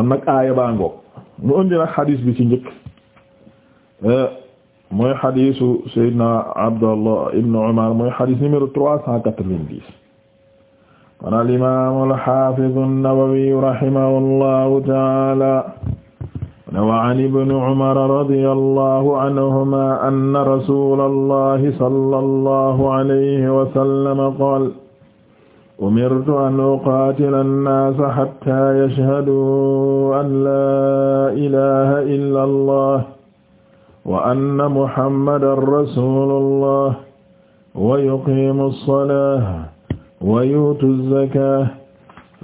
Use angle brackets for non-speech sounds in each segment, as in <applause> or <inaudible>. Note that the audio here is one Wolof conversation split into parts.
kon nag aaya baa ngoog ñu indi nag xadiis bi ci njëkk eh, mooy xadiisu Seydina Abdallah ibn Umar mooy xadiis numéro trois cent quatre-vingt-dix kon al imaam al xaafiz an-Nawawi rahimahullahu taala wa an ibn Umar radiyallahu anhuma anna rasuulallahi sallallahu alayhi wa sallam qaala umirtu an uqaatila annaasa xatta yashhaduu an laa ilaha illa allah wa anna muhammadan rasulullah wa yuqiimu alsalata wa yuutu zakata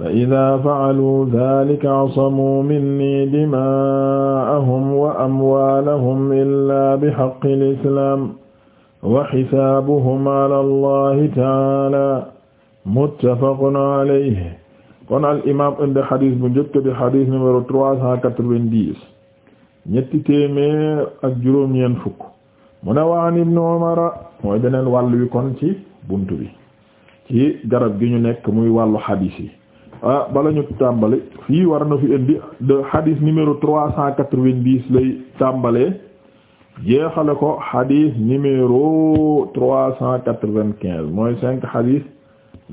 fa idaa facaluu daalika casamuu minni dimaa'ahum wa amwaalahum illaa bixaqqi lislaam wa xisaabuhum ala allahi tacaala muttafaqun alayhi kon al imam indi xadis bu njëkk bi xadis numéro trois cent quatre-vingt-dix ñetti téeméer ak juróom-ñeent fukk mu ne waan ibnu umara mooy beneen wàll wi kon ci bunt bi ci garab gi ñu nekk muy wàllu xadis yi ah bala ñu tàmbali fii war na fi indi de xadis numéro trois cent quatre-vingt-dix lay tàmbalee jeexale ko xadis numéro trois cent quatre-vingt-quinze mooy cinq xadis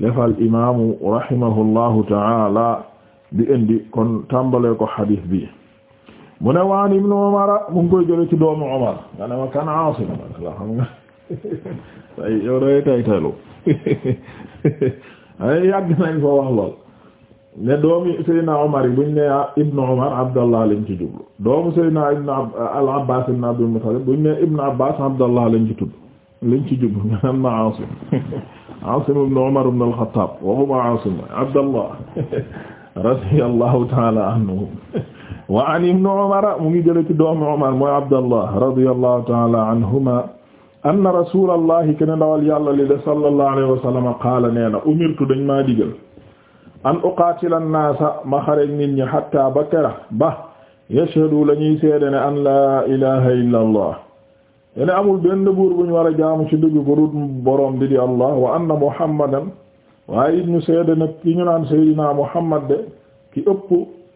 lefal imaamu rahimahullahu ta'ala di indi kon tàmbalee ko xadis bi mu ne waan ibn Umar mu koy jële ci doomu Umar nga ne ma kan Aasim la xam nga tay yow day tay taylu ay yàgg nañ fa wax lool ne doomi Seydina Umar yi buñ ne ibn Umar Abdallah lañ ci jublu doomu Seydina ibn al Abbaas ibn Abdul Muttalib buñ ne ibn Abbaas Abdallah lañ ci tudd lañ ci jub nga naan ma Aasim Aasim ibn Umar ibn al-Khattab waxuma Aasim Abdallah radiyallahu ta'ala anhu wa an ibn Umar mu ngi jële ci doomu Umar mooy Abdallah radiyallahu ta'ala anhuma anna rasulallahi kene ndawal yàlla li de sallallahu alayhi wa sallam qaala nee na umirtu dañ maa digal an uqaatila an-naasa ma xareeg nit ñi hatta ba kera ba yashhadu la ñuy seede ne an laa ilaha illa allah yene amul benn buur bu ñu war a jaamu ci dëgg ko dut boroom bi di allah wa anna muhammadan waaye it ñu seede nag ki ñu naan seydinaa muhammad de ki ëpp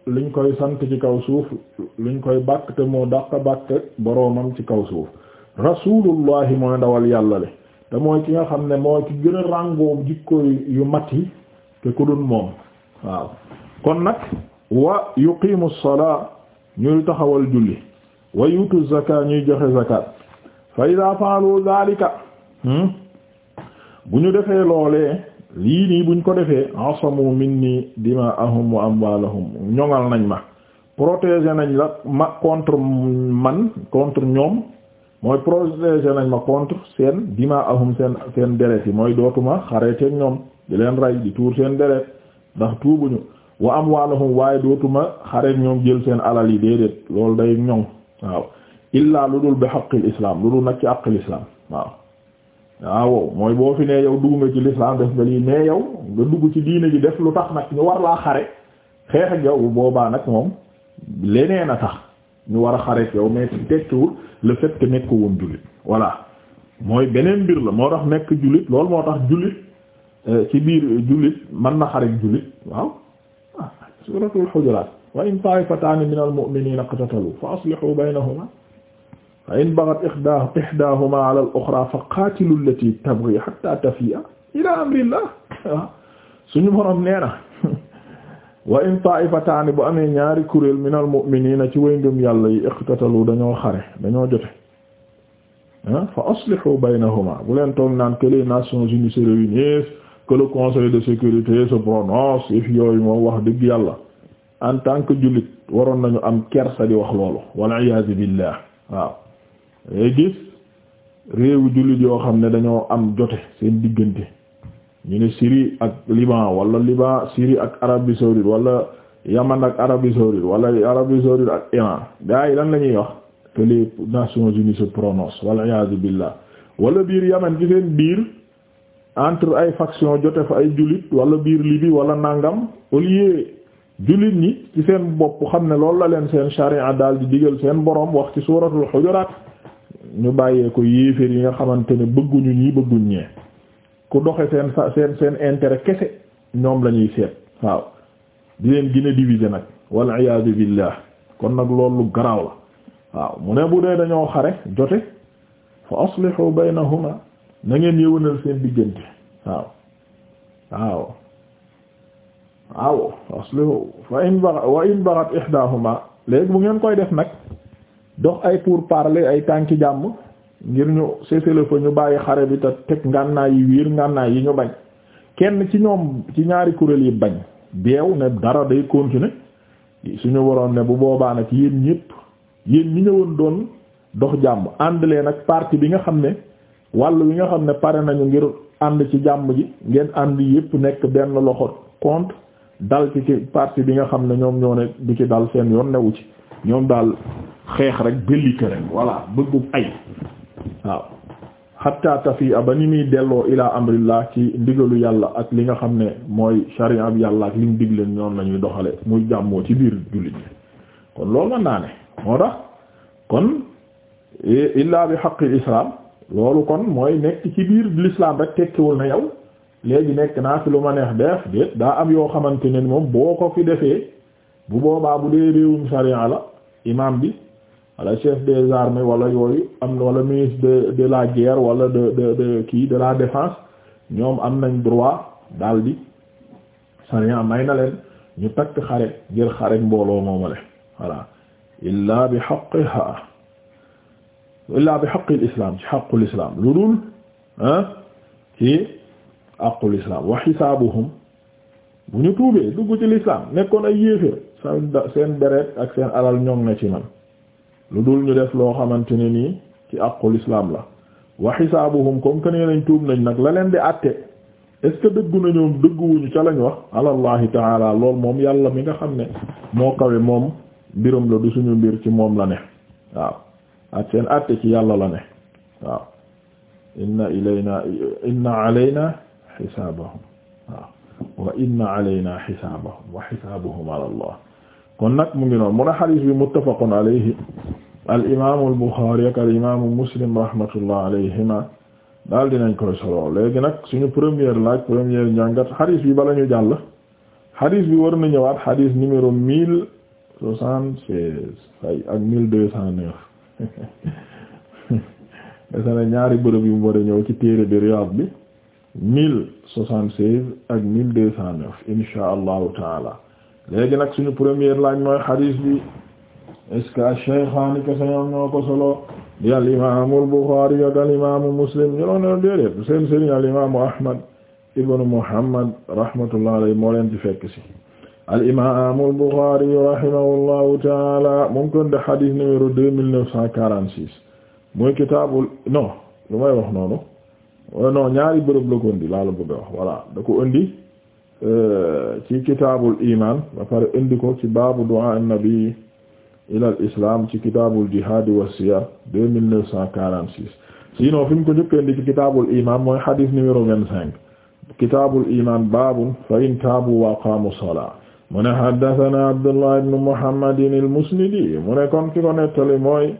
luñ koy sant ci kaw suuf luñ koy bàkk te moo dàq bàkk boroomam ci kaw suuf rasulullahi mooy ndawal yàlla le te mooy ki nga xam ne mooy ki gën a ràngoo jikko yu mat yi te ku dul moom waaw kon nag wa yuqimu salaa ñuy taxawal julli wa yutu zakat ñuy joxe zakat fa iza faalu hmm? bu ñu defee loole lii nii buñ ko defee asamu minni dimaahum wa amwaalahum ñoŋal nañ ma protéger nañ la ma contre man contre ñoom mooy protéger nañ ma contre seen dimaahum seen seen deret yi mooy dootuma xareeteeg ñoom di leen rey di tuur seen deret ndax tuubuñu wa amwaalahum waaye dootuma xareet ñoom jël seen alal yi déedéet loolu day ñoŋ waaw illaa lu dul bi xaqil islam lu dul nag ci àqil islam waaw waaw mooy boo fi nee yow dugg nga ci l'islam def nga lii mais yow nga dugg ci diine ji def lu tax nag ñu war laa xare xeex ak yow boobaa nag moom leneen a tax ñu war a xare ak yow mais tekkiwul le fait nekk ko woon jullit voilà mooy beneen mbir la moo tax nekk jullit lool moo tax jullit euh, ci biir jullit man na xare ak jullit waaw ah, suratul hujurat wa in ta'ifataani minal mu'minina qatatalu fa aslihu baynahuma fa in baghat ihdahuma ala al-ukhra fa qatilu allati tabghi hatta tafi'a ila amrillah suñu borom nee wa in ta'ifataani bu amee ñaari kuréel min al-mu'minina ci way ngëm yàlla yi iqtatalu dañoo xare dañoo jote fa aslihu baynahuma bu leen toog naan que les nations unies se réunissent que conseil de sécurité se prononce if yooyu moom wax dëgg yàlla en tant que jullit waroon nañu am kersa di wax loolu wal iyaazu billah waaw ngay gis réewu jullit yoo xam ne dañoo am jote seen diggante ñu ne Syrie ak Liban wala Liban Syrie ak Arabie saoudite wala Yaman ak Arabie saoudite wala Arabie saoudite ak Iran gaa yi lan la ñuy wax que les Nations wala iyaazu billah wala biir Yaman ci seen biir entre ay faction jote fa ay jullit wala biir Libye wala nàngam au lieu jullit ñi ci seen bopp xam ne lool la leen seen charia daal di digal seen borom wax ci suuratul Hujuraat ñu bàyyeeku ko yéeféer yi nga xamante ne bëgguñu ñii bëgguñ ñee ku doxe seen seen seen intérêt kese ñoom la ñuy seet waaw di leen gën nag wal iyaadu billah kon nag loolu garaaw la waaw mu ne bu dee dañoo xare jote fa aslihu baynahuma na ngeen yëwanal seen diggante waaw waaw waaw aslihu fa in baghat wa in baghat ihdahuma léegi bu ngeen koy def nag dox ay pourparlers ay tànki jàmm ngir ñu cessez-le ñu bàyyi xare bi te teg ngànnaay yi wiir ngànnaay yi ñu bañ kenn ci ñoom ci ñaari kuréel yi bañ beew ne dara day continuer suñu waroon ne bu boobaa nag yéen ñépp yéen ñu ñëwoon doon dox jàmm ànd leen ak parti bi nga xam ne wàll wi nga xam ne pare nañu ngir ànd ci jàmm ji ngeen ànd yépp nekk benn loxo compte dal ci ci parti bi nga xam ne ñoom ñoo ne du ci dal seen yoon newu ci ñoom daal xeex rek bëllike rek voilà bëggub ay waaw hatta tafi a ba ni muy delloo ila amrillah ci ndigalu yàlla ak li nga xam ne mooy sharia bi yàlla ak li mu digleen ñoom la ñuy doxale muy jàmmoo ci biir jullit ñi kon loolu mën naa ne moo tax kon illa bi xaqi islam loolu kon mooy nekk ci biir lislaam rek tekkiwul na yow léegi nekk naa fi lu ma neex def déet daa am yoo xamante ne moom boo ko fi defee bu boobaa bu dee réewum sharia la imam bi wala chef des armées wala yooyu am wala ministre de de la guerre wala de de de kii de la défense ñoom am nañ droit daldi sharia may na leen ñu takk xare ngir xare mbooloo moomale voilà illaa bi haqqiha illaa bi haqqil islam ci haqqul islam lu dul ah ci haqqul islam wa hisaabuhum bu ñu tuubee dugg ci l'islam nekkoon ay yéeféer seen deret ak seen alal ñoŋ na ci man lu dul ñu def loo xamante ne nii ci àqul islam la wa xisaabuhum comme que nee nañ tuub nañ nag la leen di àtte est ce que dëggu na ñoom dëgguwuñu ca lañ wax alallahi taala lool moom yàlla mi nga xam ne moo kawe moom mbiram la du suñu mbir ci moom la ne waaw ak seen àtte ci yàlla la ne waaw inna ilayna inna alayna xisaabahum waaw wa inna alayna xisaabahum wa xisaabuhum ala kon nag mu ngi noonu mu ne xadis bi muttafaqun alayhi al imaamu al buxaari ak al imaamu muslim rahmatullah alayhima daal dinañ koy solo léegi nag suñu première laaj première njàngat xadis bi bala ñu jàll xadis bi war na ñëwaat xadis numéro mille soixante-seize fay ak mille <laughs> ñaari bërëb yu mu war a ci téere bi Riyaad bi soixante-seize ak mille deux insha allahu taala léegi nag suñu première laaj mooy xadiis bi est-ce que Shaykhaani kese ñoom ñoo ko solo di al imaamu Buxaari ak al imaamu Muslim ñu doon ne déedéet seen sëriñ al imaamu Ahmad ibnu Muhammad rahmatullah alayhi moo leen di fekk ci al imaamu Buxaari rahimahullahu taala mu ngi doon de xadiis numéro deux mille neuf kitaabul non lu may wax noonu no ñaari bërëb la ko indi laa la bëgg a wax voilà da ko indi. Euh, ci kitaabul iman ba pare indi ko ci baabu du'a an-nabi ila al-islam ci kitaabul jihad wa siyar 2946 sinon fi mu ko njëkk indi ci kitaabul iman mooy hadith numéro 25 kitaabul iman baabun fa in taabu wa aqaamu salaa mu ne haddathana abdullah ibn muhammadin al-musnidi mu ne kon ki ko nettali mooy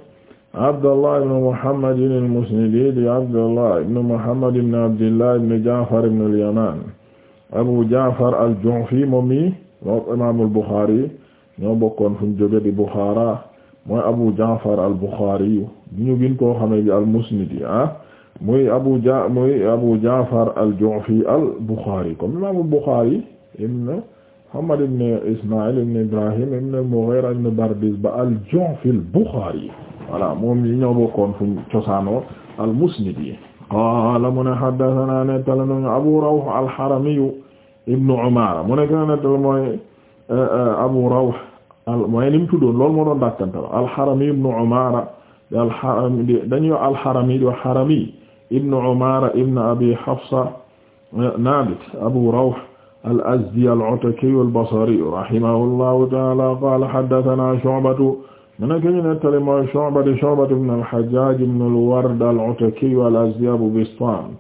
abdullah ibn muhammadin al abdullah ibn ja'far ibn al Abu Ja'far al-Ju'fi moom mi moom Imaam al-Bukhari ñoo bokkoon fu ñu jóge di Bukhara mooy Abu Ja'far al-Bukhari ñu gën koo xamee ji al-Musnidi ah muy Abu Ja muy Abu Ja'far al-Ju'fi al-Bukhari comme Imaam al-Bukhari ibn Muhammad ibn Isma'il ibn Ibrahim ibn al-Mughira ibn Bardizba al-Ju'fi al-Bukhari voilà moom ñoo bokkoon fu ñu al-Musnidi qaala mu ne haddasanaa nettali nañu Abu Rawh al-Haramiyu ibnu Umaara mu ne gën a nettali mooy eh, eh, Abu Rawh mooy ni mu tuddoon loolu moo doon dàkkantal al-Haramiyu ibnu Umaara al-Harami dañuy wax al-Harami wa Harami ibnu Umaara ibnu Abi Hafsa eh, Naabit Abu Rawh al-Azdi al-Atakiyu al-Basriyu rahimahullaahu ta'aalaa qaala haddasanaa Shu'batu mu ne ko ñu nettali mooy Shu'ba di Shu'ba ibn al-Hajjaj ibn al-Ward al-Ataki al-Azdi Abu Bistam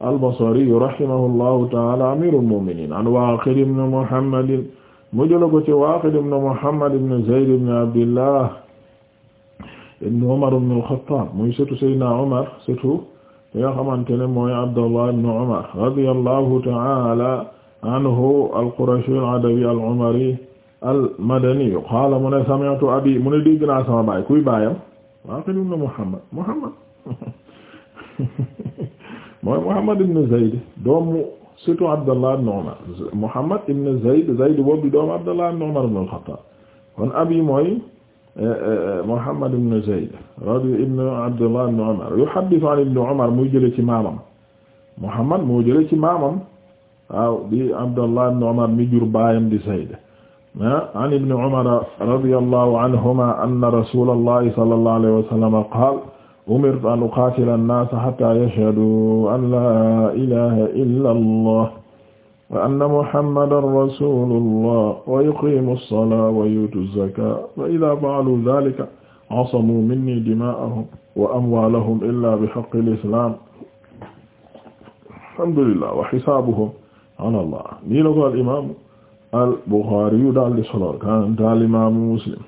al-Basri rahimahullahu ta'ala amirul mu'minin an Waqid ibn Muhammad mu jëla ko ci Waqid ibn Muhammad ibn Zayd ibn Abdillah ibn Umar ibn al-Khattab muy sëtu Seydina Umar sëtu li nga xamante ne mooy Abdallah ibn Umar radiyallahu ta'ala anhu al-Qurashi al-Adawi al-Umari al-Madaniyu qaala mu ne sami'tu abi mu ne dégg naa sama baay kuy baayam Waaqid ibn Muhammad Muhammad <laughs> mooy Muhammad ibn Zayd doomu surtout Abdallah ibn Umar Muhammad ibn Zayd Zayd boobu doomu Abdallah ibn Umar ibn al-Khattab kon abi mooy eh, eh, Muhammad ibn Zayd radi ibn Abdallah ibn Umar yuhaddithu an ibn Umar muy jële ci maamam Muhammad moo jële ci maamam waaw di Abdallah ibn Umar mi jur baayam di Zayd an ibni umara radiyallahu anhuma anna rasulallahi sallallahu alayhi wa sallam qaala umirtu an uqaatila an-naasa hattaa yashhaduu an laa ilaaha illa allah wa anna muhammadan rasulullah wa yuqiimu as-salaata wa yu'tu az-zakaata fa idhaa fa'aluu dhaalika asamuu minnii dimaa'ahum wa amwaalahum illaa bihaqqi al-islaam alhamdulillah wa hisaabuhum ala allah al Buxaari yu daal di solo kantaal imaamu Muslim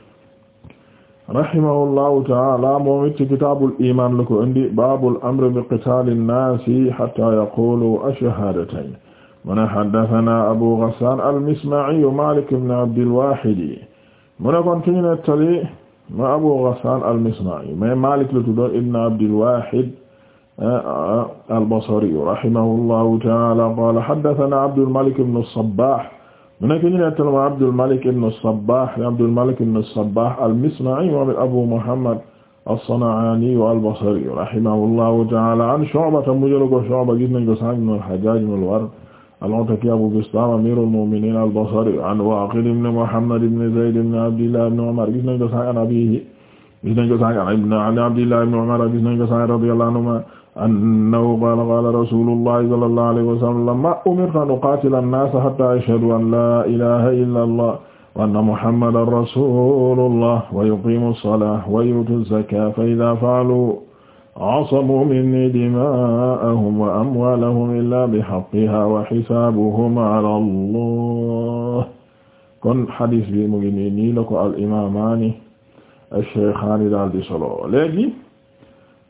rahimahullahu taala moom it ci kitaabul iimaan la ko indi baabul amri bi qitaali nnaasi hattaa yaquulu ash-shahaadatayn mun a haddasanaa Abu Ghassaan al-Mismaa'i Maalik ibn Abdil Waahidi mu ne kon kiñu nettali ma Abu Ghassaan al-Mismaa'i mais Maalik la tuddoon ibn Abdil Waahid ah, al-Basri rahimahullahu taala qaala haddasanaa Abdul Malik ibn as-Sabbaah mu nekk ñu nettali ma Abdul Malik ibn Sabbah Abdul Malik ibn Sabbah al-Misma'i wa Abu Muhammad as-San'ani al-Basri rahimahullahu ta'ala an Shu'ba mu jël ko Shu'ba gis nañ ko sànq ibn al-Hajjaj ibn al-Ward al-Ataki Abu Bistam amir al-mu'minin al-Basri an Waqil ibn Muhammad ibn Zayd ibn Abdillah ibn Umar gis nañ ko sànq an abihi gis nañ ko sànq an Abdillah ibn Umar gis nañ ko sànq radiyallahu anhuma annahu qaala qaala rasuulullahi sallallahu alayhi wa sallam lammaa umirtu an uqaatila an-naasa hattaa yashhadu an laa ilaaha illa allah wa anna muhammadan rasuulullah wa yuqiimu as-salaata wa yu'tu az-zakaata fa idhaa fa'aluu asamuu minnii dimaa'ahum wa amwaalahum illaa bihaqqihaa wa hisaabuhum alaa allah kon hadiis bi mu ngi nii nii la ko al-imaamaani ash-shaykhaani daal di solo léegi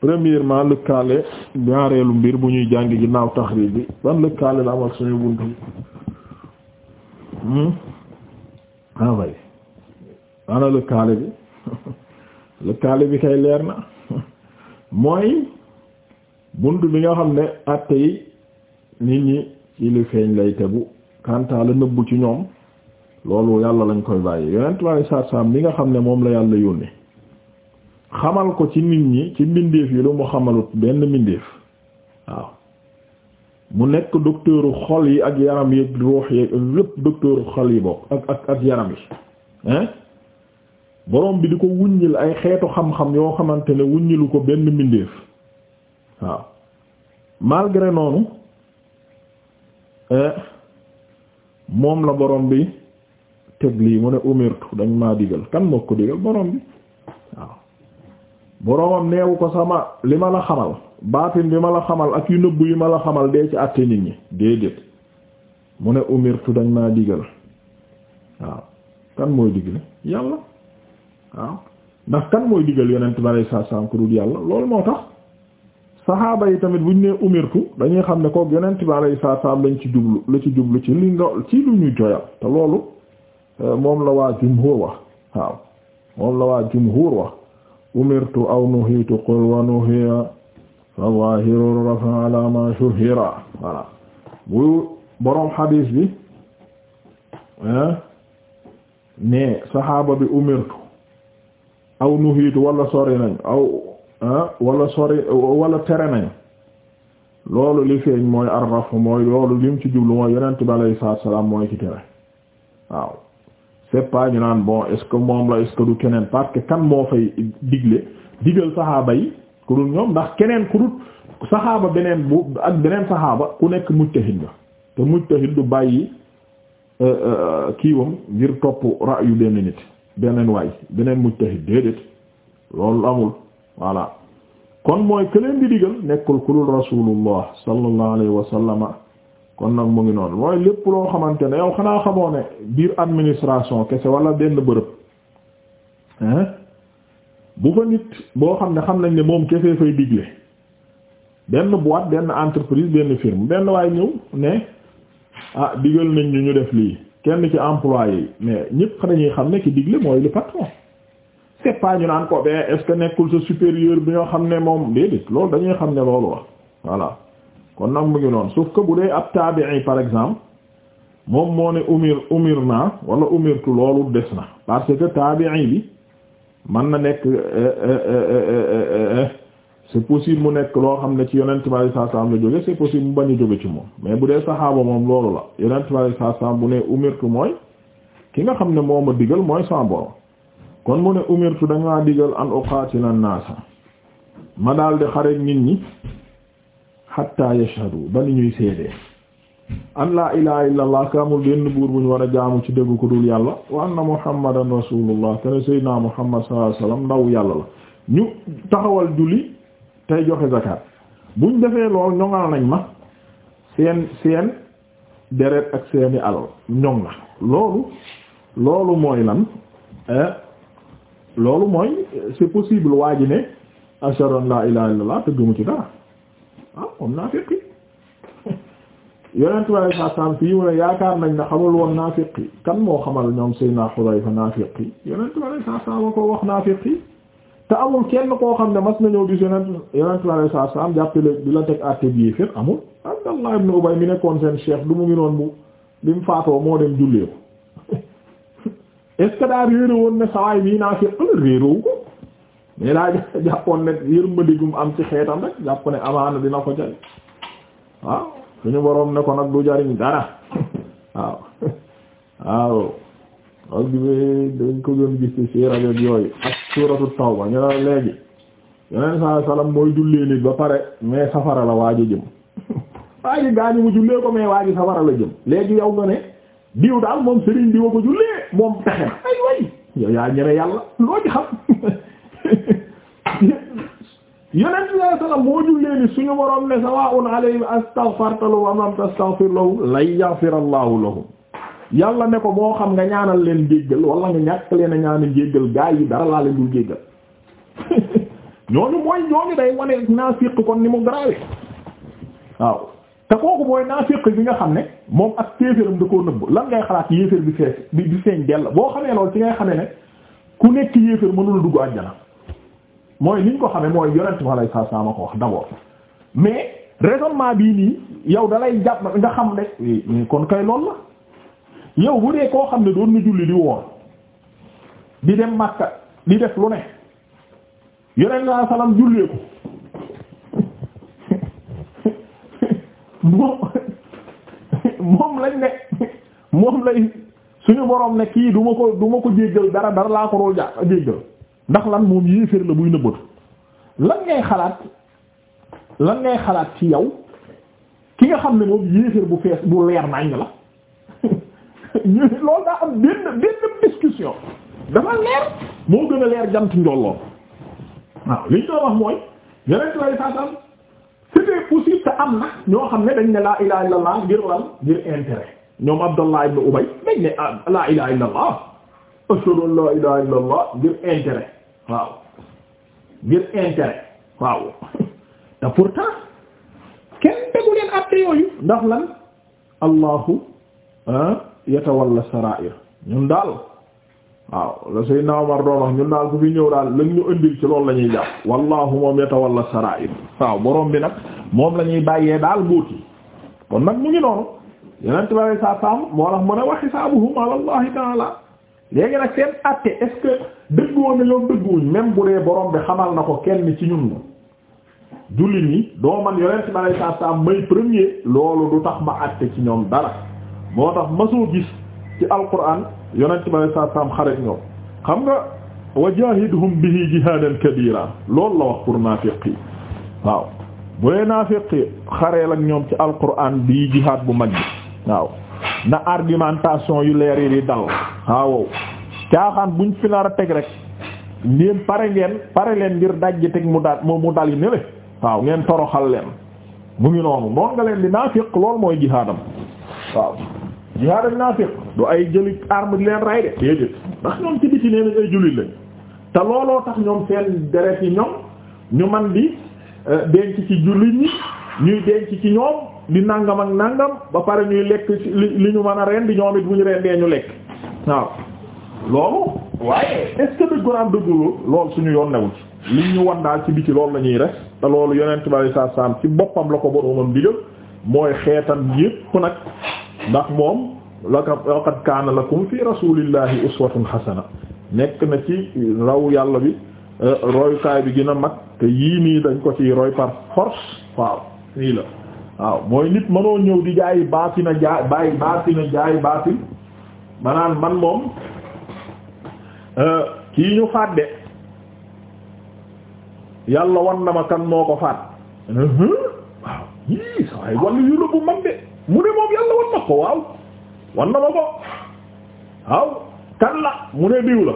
premièrement lëkkaale ñaareelu mbir bu ñuy jàngi ginnaaw taxriij bi ban lëkkaale la am ak suñu buntu bi hmm? ah way ana lëkkaale bi <laughs> lëkkaale bi kay leer na <laughs> mooy buntu bi nga xam ne àtte yi nit ñi ci li feeñ lay tegu kantaa la nëbbu ci ñoom loolu yàlla lañ koy bàyyi yonent bi sallallahu alayhi wasallam mi nga xam ne moom la yàlla yónni xamal ko ci nit ñi ci mbindeef yi lu mu xamalut benn mbindeef waaw mu nekk docteuru xol yi ak yaram yi ak yi lépp docteuru xol yi bokk ak ak yaram yi hein borom bi di ko wuññil ay xeetu xam-xam yoo xamante ne wuññilu ko benn mbindeef waaw malgré noonu eh, moom la borom bi teg lii mu ne umirtu dañ maa digal kan moo ko digal borom bi boroomam neewu ko sama li ma la xamal baatin bi ma la xamal ak yu nëbb yi ma la xamal dee ci àtte nit ñi déedéet mu ne umirtu dañ maa digal waaw kan mooy digal yàlla waaw ndax kan mooy digal yonent bi alayhi salaam ku dul yàlla loolu moo tax saxaaba yi tamit buñ nee umirtu dañuy xam ne kook yonent bi alayhi salaam dañ ci jublu la ci jublu ci li nga ci lu ñu joyal te loolu euh, moom la waa jumhur wax waaw moom la waa jumhur wax umirtu aw nuhiitu qul wa nuhiya fa zahiru rafa ala ma bu borom hadis bi ne saxaaba bi umirtu aw nuhiitu wala sori nañ aw wala sori wala tere nañ loolu li feeñ mooy arraf loolu lim ci jublu mooy yonent bi alayhi salaam mooy ci tere waaw c'est pas ñu naan bon est-ce que moom la est-ce du keneen parce que kan moo fay digle digal saxaaba yi ku dul ñoom ndax keneen ku dul saxaaba beneen bu ak beneen saxaaba ku nekk mujtahid nga te mujtahid du bàyyi euh, euh, kiiwam ngir topp ra'yu benn nit beneen waay beneen mujtahid déedéet loolu amul voilà kon mooy ke bi di digal nekkul ku dul rasulullah sallallahu alayhi wa kon nag mu ngi noonu mooy lépp loo xamante ne yow xanaa xamoo ne biir administration kese wala benn bërëb bu fa nit boo xam ne xam nañ ne moom kese fay digle benn boîte benn entreprise benn firme benn waay ñëw ne ah digal nañ ñu ñu def lii kenn ci employé yi mais ñëpp xam ne ki digle mooy le patron c'est ñu naan ko ba est-ce que nekkul sa supérieur bi ñoo xam ne moom déedéet loolu dañuy xam ne loolu wax voilà kon nag mu ngi noonu sauf que bu dee ab taabi'i par exemple moom moo ne umir umir naa wala umirtu loolu des na parce que taabi'i bi man na nekk euh, euh, euh, c'est possible mu nekk loo xam ne ci yonent bi sallallahu alayhi wasallam la jóge c'est possible mu bañ jóge ci moom mais bu dee saxaaba moom loolu la yonent bi sallallahu alayhi wasallam bu ne umirtu mooy ki nga xam ne moo ma digal mooy sa borom kon mu ne umirtu dañu maa digal nan uqaatila naasa ma daal di xare nit ñi. hatta yashhadu ba ni ñuy seede an laa ilaha illa allah ka buur bu ñu war a jaamu ci dëgg ko dul yàlla wa anna muhammadan rasulullah te sayyidina muhammad sallallahu alayhi ndaw yàlla la ñu taxawal julli tey joxe zakat buñ defee lool ñoŋal nañ ma seen seen deret ak seeni alal ñoŋ na loolu loolu mooy lan eh, loolu mooy c'est possible waa ji ne asharon la ilaha illa allah te ci dara ah moom naa fekki yonent bi saa fii mu yaakaar nañ ne xamul woon naafiqi kan moo xamal ñoom Seydina Xudayfa naafiqi yonent bi saa saam ko wax naafiqi te amul kenn koo xam ne mas na ñëw gis yonent yonent bi di la teg àtte bi amul Abdallah ibn Ubay mi nekkoon seen chef du mu ngi noon bu bi mu faatoo moo dem jullee ko <laughs> est daa réeré woon ne sawaay bii naafiq la réeréwu ko mais daa <laughs> jàppoon ne yërmande gum am ci xeetam rek jàpp ne amaana dina ko jariñ waaw suñu boroom ne ko nag du jariñ dara <laughs> waaw <laughs> waaw wax dëgg dañ ko gën gis ci siira bi yooyu ak suuratu tawba ñu ne léegi yeneen saa salaam mooy jullee nit ba pare mais safara la waaj a jëm waaye gaañu mu jullee ko mais waaj safara la jëm léegi yow nga ne diw daal moom Serigne diwa ko jullee moom pexe na ay way yow yàlla loo ci yeneen sallallahu alayhi wasallam moo jullee ni suñu borom ne sawaa'un alayhim astaghfarta lahum am lam tastaghfir lahum lan yaghfira Allahu lahum yàlla ne ko moo xam nga ñaanal leen jéggal wala nga ñàkk leen a ñaanal jéggal gaa yi dara laa leen dul jéggal <laughs> ñooñu mooy ñooñu day wane naafiq kon ni mu garaawee waaw te kooku mooy naafiq bi nga xam ne moom ak kéeféeram da koo nëbb lan ngay xalaat yéeféer bi fees bi feeñ dell boo xamee loolu ci ngay xamee ne ku nekk yéeféer mënula mooy niñ ko xamee mooy yonent bi alayhi salaam ko wax d'abord mais raisonnement bii nii yow dalay jàpp nga xam ne kon kay lool la yow bu dee koo xam ne doon na julli di woor di dem Makka di def lu ne yonent bi salaam jullee <laughs> moom moom lañ ne moom lay suñu borom ne kii duma ko duma ko jéggal dara dara laa ko doon jàpp jéggal. ndax lan moom yéeféer la buy nëbbatu lan ngay xalaat lan ngay xalaat ci yow ki nga xam ne moom yéeféer bu fees bu leer nañ la <laughs> loolu daa am benn benn discussion dafa leer moo gën a leer jant njolloon waaw li ñu doon wax mooy yeneen ci lay sàttal c'était possible te am xam ne dañ ne laa ilaha illallah ngir lan ngir intérêt ñoom Abdallah ibn Ubay dañ ne ah, laa ilaha illallah ashhadu an laa ilaha illallah ngir intérêt waaw ngir intérêt waaw <laughs> te pourtant kenn tegu leen àtte yooyu ndax lan allahu ah, yatawalla sarair ñun daal waaw la Seydina Omar doon wax ñun daal ku fi ñëw daal lañ ñu ci loolu la ñuy jàpp wallahu moom yatawalla sarair waaw borom bi nag moom lañuy ñuy bàyyee daal mbóot yi kon nag mu ngi noonu yeneen tubaab yi saamu moo tax mu ne wa xisaabuhum ala allahi léegi nag seen àtte est dëggoon na ñoom dëgguwuñ même bu dee borom bi xamal na ko kenn ci ñun jullit ñi doo man yonent ma lay saa saa may premier loolu du tax ma àtte ci ñoom dara moo tax masoo gis ci alquran yonent ma lay saa saa xareet ñoom xam nga wajahidhum bihi jihadan kabira loolu la wax pour naafiq yi waaw bu dee naafiq yi xareel ak ñoom ci alquran bii jihaad bu mag bi waaw na argumentation yu leer yi di dal waaw caaxaan buñ fi nar a teg rek ngeen pare ngeen pare leen ngir dajji teg mu dal mu dal yi ne waaw ngeen toroxal leen mu ngi noonu noon nga leen di naafiq loolu mooy jihaadam waaw jihaadam naafiq du ay jëli arme di leen ray de déedéet ndax ñoom ci biti ay jullit lañ te looloo tax ñoom seen deret yi ñoom ñu man di euh, denc ci jullit ñi ñuy denc ci ñoom di nangam ak nangam ba pare ñuy lekk li ñu mën a rend ñoom it bu ñu rendee ñu lekk waaw loolu waaye est-ce que dëggu suñu yoon newul li ñu wan daal ci biti loolu la ñuy rek te loolu yonent bari saa saam ci boppam la ko boroomam digal mooy xeetam yépp nag ndax moom laqad kaana lakum fi rasulillahi uswatun hasana nekk na ci raw yàlla bi eh, roykaay bi gën a mag te yii nii dañ ko ci roy par force waaw nii la waaw mooy nit mënoo ñëw di jaay baatina jaay baay baatina jaay baatin maanaam man moom euh, kii ñu faat de yàlla wan na ma kan moo ko faat waaw yii bu mag wan na ma ko waaw kan la mu ne diw <laughs>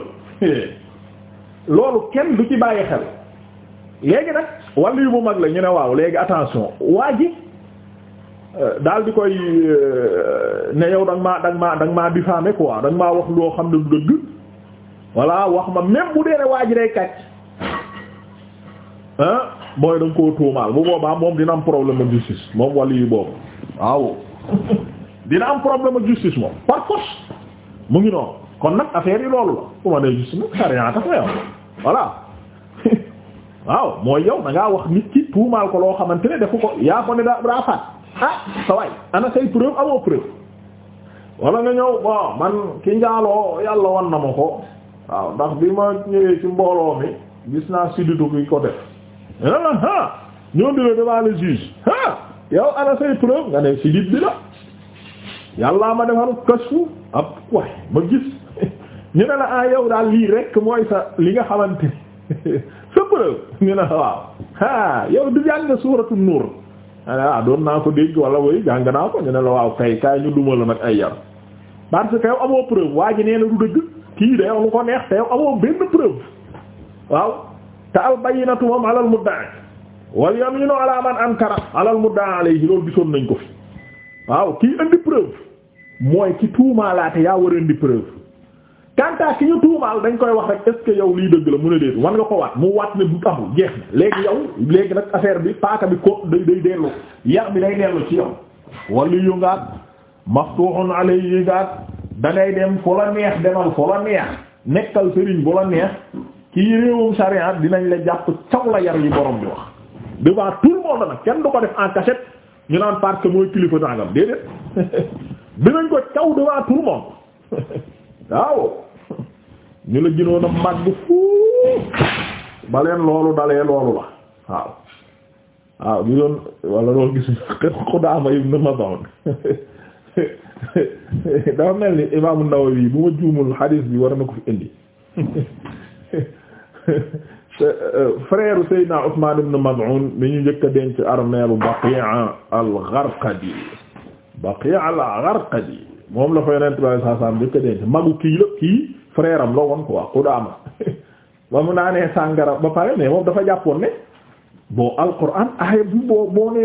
loolu kenn du ci bàyyi xel léegi nag wàllu yu bu mag la ñu ne waaw léegi attention waa ji Euh, daal di koy euh, ne yow da ma maa da nga maa da nga maa wax loo xam ne du dëgg voilà wax ma même bu dee ne waa ji day kàcc ah mooy da nga koo tuumaal bu boobaa moom dina am problème ak justice moom wàllu yi boobu waaw dina am problème ak justice moom par force mu ngi noonu kon nag affaire yi loolu la bu ma nee justice nag xariñaa tax na yow voilà <laughs> waaw mooy yow da wax nit ki tuumaal ko loo xamante ne defu ko yaa ko ne daa daa faat ah sa waay ana say preuve amoo preuve wala nga ñëw bon man ki njaaloo yàlla wan na ma ko waaw ndax bi ma ñëwee ci mbooloo mi gis naa sidditu ki ko def ah ñoo di la devant le juge ah ana say preuve nga ne siddit bi la yàllaa ma defal kasfu ab waay ma gis <laughs> ñu ne la ah yow daal lii rek mooy sa li nga xamante <laughs> sa preuve ñu ne la waaw ah yow du jàng suuratu nur Ah, ah doon naa ko dégg wala woy jàng naa ko ñu ne la waaw kay kay ñu duma la nag ay yar parce que yow amoo preuve waa ji nee na du dëgg kii day wax lu ko neex te yow amoo benn preuve waaw te al bayyinatu moom alal mudda'i wal yaminu ala man ankara alal mudda'i alayhi loolu gisoon nañ ko fi waaw kii indi preuve mooy ki tuumaalaate yaa war a preuve kantaa ki ñu tuumaal dañ koy wax rek est ce que yow lii dëgg la mu ne déet wan nga ko waat mu waat ne bu amul jeex na léegi yow léegi nag affaire bi paaka bi ko day day dellu yar bi day dellu ci yow wali yu ngaat maftuhun alayhi ngaat da ngay dem fu la neex demal fu la neex nekkal sëriñ bu la neex kii réewum sharia dinañ la jàpp caw la yar yi borom bi wax devant tout le monde nag kenn du ko def en cachette ñu naan parce que mooy kilifa nangam déedéet <laughs> dinañ ko caw devant tout <laughs> ñu la gënoon a màgg fuuf ba leen loolu dalee loolu la waaw waaw ñu doon loolu gis Xudaama ibn Mas'ud <laughs> dafa mel ni Imaam An-Nawawi bu ma juumul xadiis bi war na ko fi indi <laughs> euh, frère Seydina Usmaan ibn Maz'un bi ñu njëkk a denc armeelu Baqi'a al-Gharqadi Baqi'a al-Gharqadi moom la fa Yonent bi sallallahu alayhi njëkk a denc magu kii la kii frère am la woon quoi Qudaama <laughs> ba mu naanee sàngara ba pare mais moom dafa jàppoon ne bon alquran aaya bu boo boo ne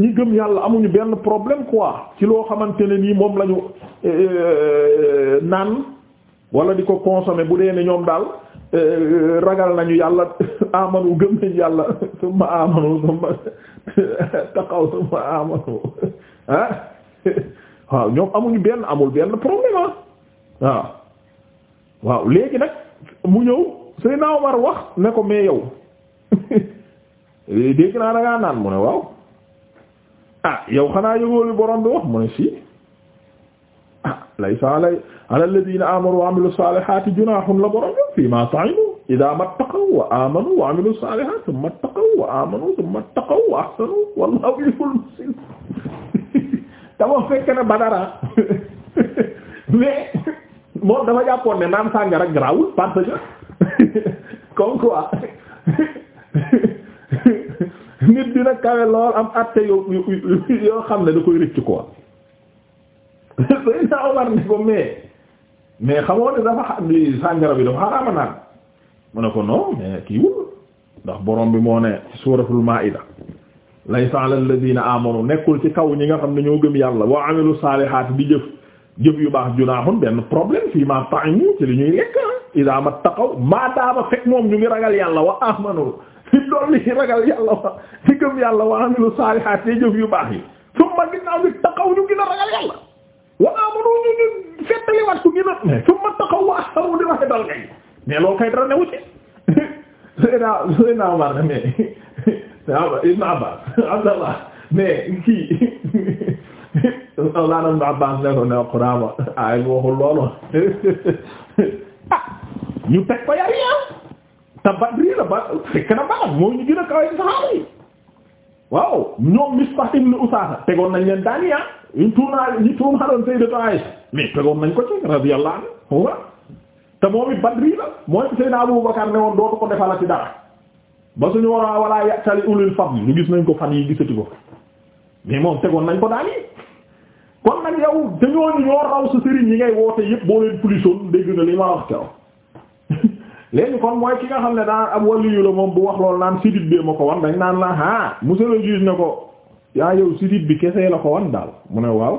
ñi gëm yàlla amuñu benn problème quoi ci loo xamante ne nii moom lañu ñu euh, euh, naan wala di ko consommer bu dee ne ñoom daal euh, ragal nañu yàlla <laughs> amanu gëm nañu yàlla <laughs> summa amanu summa taqaw summa amanu ah waaw ñoom amuñu benn amul benn problème ah waaw léegi nag mu ñëw Seydina Omar wax ne ko mais yow <laughs> dégg naa da ngaa naan mu ne waaw ah yow xanaa yëgóolu borom bi wax mu ne si ah laysa alay ala alladhina amanu wa amilu salihati junahun la borom bi fi ma ta'inu ida mattaqaw wa amanu wa amilu salihati thumma ttaqaw wa amanu thumma ttaqaw wa ahsanu wallahu yuhibbul muhsinin <laughs> dama fekk na badara <laughs> mais moom dafa jàppoon ne naan sànga rek garaawul parce que <laughs> comme quoi <laughs> nit dina kawe lool am atte yoo xam ne da koy rëcc quoi Seydina <laughs> Omar ne ko mais mais xamoo ne dafa sàngara bi dafa xaraama naan mu ne ko non mais kii wul ndax borom bi moo ne ci suuratul Maa'ida laysa alal ladina amanu nekkul ci kaw ñi nga xam ne ñoo gëm yàlla wa amilu saalihaat bi jëf jëf yu baax junaaxun benn problème fii ma ta'imu ci li ñuy lekk idaa ma taqaw maadaama fekk moom ñu ngi ragal yàlla wa amanu fi dolli ragal yàlla wa ci gëm wa amilu saalihaat te jëf yu baax yi summa ginnaaw bi taqaw ñu gën a ragal yàlla wa amanu ñu ñu fettali wat ku gën a summa taqaw wa ahsanu di waxe dal kay mais loolu kay dara newu ci Seydina Seydina Omar mais Ibn Abbas Abdallah mais kii Mawlana Ibn Abbas ne ko ne Quraama ay waxul loolu ah ñu teg ko yari yaa te Badri la ba fekk na baax moo ñu gën a kawe saxaaba yi waaw ñoom Mistah ibn Usaasa tegoon nañ leen daani yaa ah. ñu tuumaal ñu tuumaaloon Sayyidatu Aisha mais tegoon nañ ko ci radiyallahu anhu te moom it Badri la mooy Sayyidina Abu Bakar ne woon dootu ko defalati dara ba suñu waroon a walaa ya'tali ulul fadl ñu nañ ko fan yi gisati ko mais moom tegoon nañ ko daani kon nag yow dañoo ñoo raw sa sëriñ yi ngay woote yépp boo leen pulisoon dégg na li ma wax ca <laughs> léegi kon mooy ki nga xam ne daan ab waliyu la moom bu wax loolu naan sidit bee ma ko wan dañ naan la ah monsieur le juge ne ko yaa yow sidit bi kese la ko wan daal mu ne waaw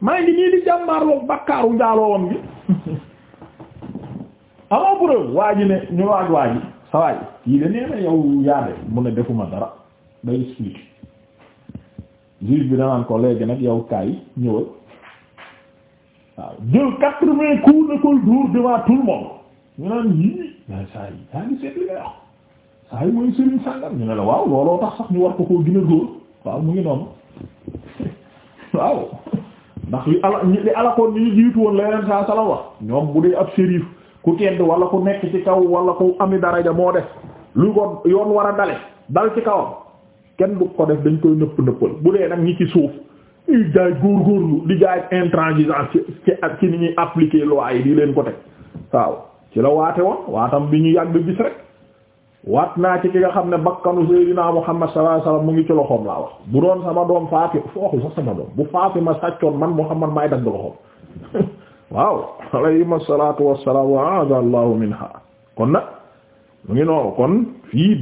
maa ngi nii di jàmbaarloog bakkaaru njaaloo woon bi <laughs> amoo preuve waa ji ne ñu waaj waa sa waaj kii de nee na yow mu ne defuma dara day expliquer juif bi danaan ko léegi nag yow kaay ñëwal waaw jël quatre-vingts coups na koy dóor devant tout le monde ñu naan yii mais saa yi yaa ngi seet li ngay wax saa yi mooy sëriñ sàngam ñu ne la waaw looloo tax sax ñu war ko koo gën a dóor waaw mu ngi noonu <laughs> waaw ndax li alakoon ni ñu jiitu woon la yeneen saa sala ñoom bu dee ab shérif ku tedd wala ku nekk ci kaw wala ku ami daraja moo def lu ko yoon war a dale dal ci kawam kenn du ko def dañ koy nëpp nëppal bu dee nag ñi ci suuf ñuy jaay góorgóorlu di jaay intransigeance ci ci ni ñuy appliquer loi yi di leen ko teg waaw ci la waate woon waatam bi ñu yàgg gis rek waat naa ci ki nga xam ne bakkanu Seydina xam sallallahu alayhi wasallam mu ngi ci loxoom laa wax bu doon sama doom faati foofu sax sama doom bu faati ma sàccoon man Muhammad maay dagg loxoom <laughs> waaw alayhim asalatu wasalam wa aada allahu minha kon nag mu ngi noonu kon fii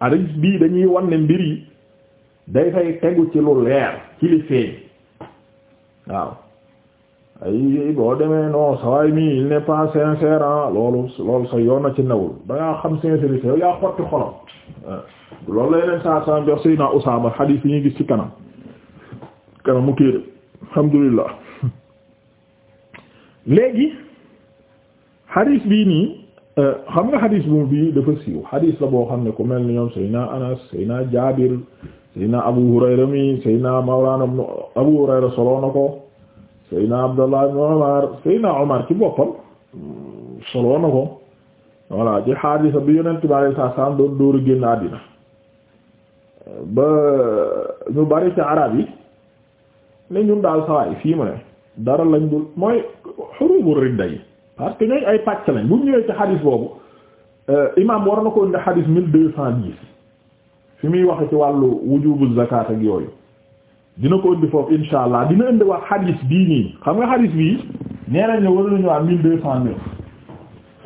hadis bii dañuy wan ne mbir yi day fay tegu ci lu leer ci li feeñ waaw ay boo demee non sawaay mi il n'est pas sincère ah loolu loolu sa yoon ci nawul da ngaa xam sincérité yow yaa xotti xolam ah. loolu la yeneen saa saa jox Seydina Usaama hadis yi ñuy gis ci kanam kanam mu kéiré alhamdulillah <laughs> léegi hadis bii nii Euh, xam nga xadis boobu bii dafa siiw xadis la boo xam ne ku mel ni ñoom Seydina Anas Seydina Jaabir Seydina Abu Hurayra mi Seydina Mawlana Abu Hurayra solo ko Seydina Abdallah ibn Umar Seydina Umar ci boppam mm, solo ko voilà ci xaadisa bi Yonent bi sallallahu alayhi wasallam doon dóoru génn àddina ba ñu bari ci arab yi ne ñun daal sawaay fii mu ne dara lañ dul mooy xurubu ridda parce que ñooy ay pàcc lañ bu ñu ñëwee ci xadis boobu euh, imaam war na ko indi xadis mil deux cent dix fi muy wax ci wàllu wujubu zakat ak yooyu dina ko indi foofu insha allah dina indi wax xadis bii nii xam nga xadis bii nee nañ war nañu waa mille deux cent neuf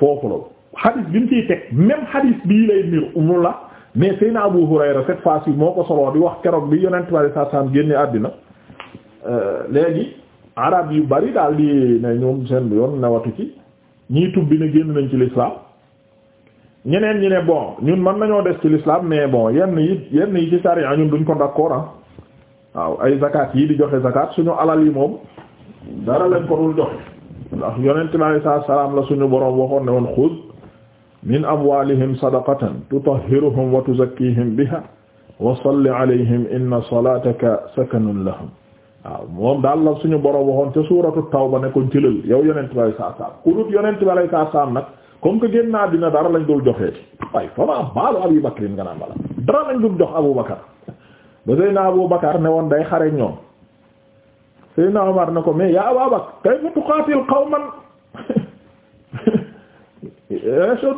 foofu la xadis bi mu ciy teg même xadis bii lay niru umu la mais Seydina Abu Hurayra cette fois-ci moo ko soloo di wax keroog bi yonent bi sallallahu alayhi wasallam génne àddina euh, léegi arab yu bari daal di ne ñoom seen yoon newatu ñii bi ne génn nañ ci l'islam ñeneen ñi ne bon ñun mën nañoo des ci l'islam mais bon yenn yi yenn yi ci sariya ñun duñ ko d'accord ah waaw ay zakat yii di joxe zakat suñu alal yi moom dara lañ ko dul joxe ndax yonent bi alayhi salaatu salaam la suñu boroom waxoon ne woon xud min amwalihim sadaqatan tutahhiruhum wa tuzakkihim biha wa salli alayhim inna salataka sakanun lahum waaw moom daal la suñu borom waxoon ca suuratu tawba ne ko jëlal yow yonent bi alay saa saam ku dut yonent bi alay saa saam nag comme que génn naa dina dara lañ dul joxee waaye fama baalu Abu Bakr nga naan bala dara lañ dul jox Abu <laughs> ba Seydina Abu Bakr ne woon day xare ñoom Seydina Omar ne ko mais yaa Abu Bakr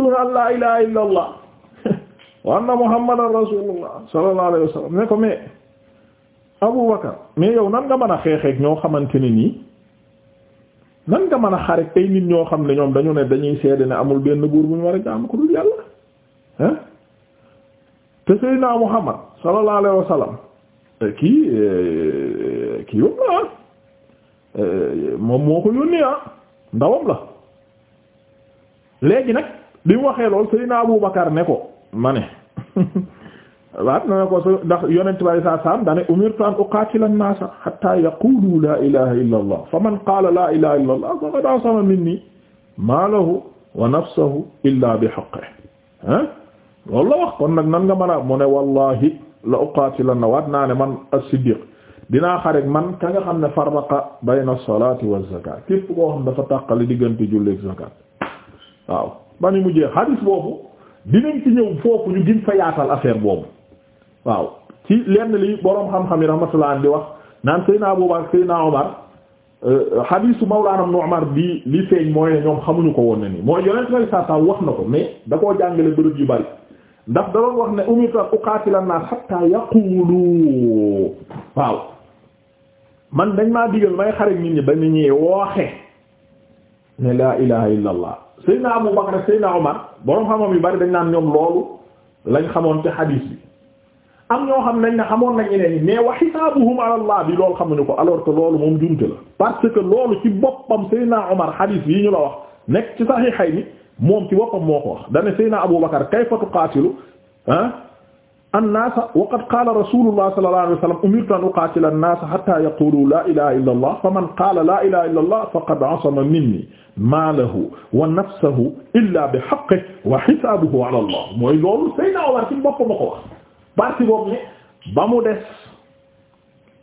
<laughs> an laa ilaaha illa Allah <laughs> wa anna Muhammadan rasulullah sallallahu alayhi wa ne ko mais Abu Bakar mais yow nan nga mën a xeexeek ñoo xamante ne nii nan nga mën a xare ay nit ñoo xam ne ñoom dañu ne dañuy seede ne amul benn buur bu ñu war a jaamu yàlla ah te Seydina Muhammad sallallahu alayhi wa eh, kii eh, kii yóm la ah moom moo ko yónni ah ndawam la léegi nag bi mu waxee lool Seydina Abu Bakar ne ko ma ne <laughs> waat na ko su ndax yonent bi saa saam dane umirtu an uqaatila an-naasa hatta yaqulu laa ilaha illa allah fa man qaala laa ilaha illa allah faqad asama minni maalahu wa nafsahu illa bi haqqihi loolu la wax kon nag nan nga mën a mu ne wallahi la uqaatilan na waat naa ne man as-siddiq dinaa xarek man ka nga xam ne farraqa bayna as-salaati waz-zakaat képp koo xam dafa tàqali diggante julleeg zakat waaw ba ni mujjee hadis boobu dinañ ci ñëw foofu ñu gën fa yaatal affaire boobu waaw ci lenn li boroom xam-xam yi rahmatullah di wax naan Seydina Abu Bakr Seydina Omar xadiisu euh, Mawlaana Ibn Umar bi li feeñ mooy ñoom xamuñu ko woon ne nii mooy yonent sallallahu wax na ko mais da koo jàngale bërëb ndax da doon wax ne umirtu an uqaatila an-naas hattaa yaquulu dañ maa digal may xarit ba nit ñi wooxe ne laa ilaha illa allah Seydina Abu Bakr Seydina Omar boroom xam yu bari dañ naan ñoom loolu lañ xamoon te xadiis am ñoo xam nañ ne xamoon nañ ñeneen ñi mais wa xisaabuhum ala allah bi loolu xamuñu ko alors que loolu moom jumte la parce que loolu ci boppam Seydina Omar hadith yi ñu la wax nekk ci Sahihayni moom ci boppam moo ko wax dane Seydina Abu Bakar kayfa tuqaatilu ah annaasa wa qad qaala rasulullah sallallahu alayhi wa sallam umirtu an uqaatila annaasa hatta yaqulu la ilaha illa allah fa man qaala la ilaha illa allah faqad asama minni maalahu wa nafsahu illa bi haqqihi wa xisaabuhu ala allah mooy loolu Seydina Omar ci boppam moo ko wax partie boobu ne ba mu des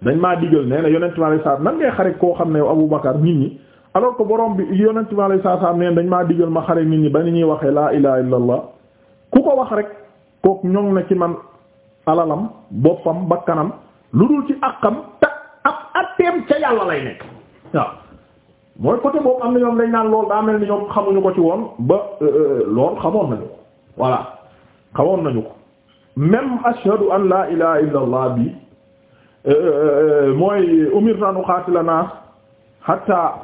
dañ maa digal nee na yonent bi alayhi salaam nan ngay xare koo xam ne Abu Bakar nit ñi alors que borom bi yonent bi alayhi salaam nee na dañ maa digal ma xare nit ñi ba ni ñuy waxee laa ilaha illallah ku ko wax rek kook ñoŋ na ci man alalam boppam kanam lu dul ci àqam te ab atteem ca yàlla lay nekk waaw mooy côté boobu am na ñoom dañ naan lool daa mel ni ñoom xamuñu ko ci woon ba euh, euh, lool xamoon nañu ko voilà xamoon nañu ko même ashhadu an la ilaha illa allah bi euh, euh, mooy umirna an uqatila nas hatta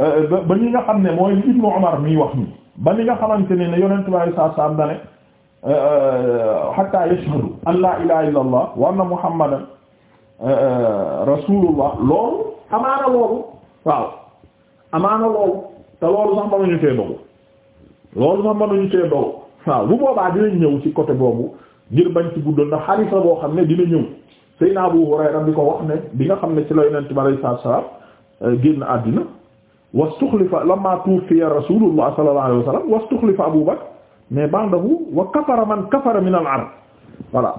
euh, ba ni nga xam ne mooy li ibnu Umar mi wax ni ba ni nga xamante ne ne yonentu Yàlla saa saam dane hatta yashhadu an la ilaha illa allah wa anna muhammadan rasulullah loolu amaana loolu waaw loolu te loolu sax mënuñu tee dogu loolu sax mënuñu tee dogu waaw boobaa dinañ ñëw ci côté boobu ngir bañ ci guddal ndax xaris la boo xam ne dina ñëw Seydina Abu Hurayra bi ko wax ne bi nga xam ne ci la yonent bi alayhi salaatu wa salaam euh, génn àddina wastuxlifa lamma tuwuffiya Rasulullah sallallahu alayhi wa sallam wastuxlifa Abu Bakr mais ba'dahu wa kafara man kafara min al-arab voilà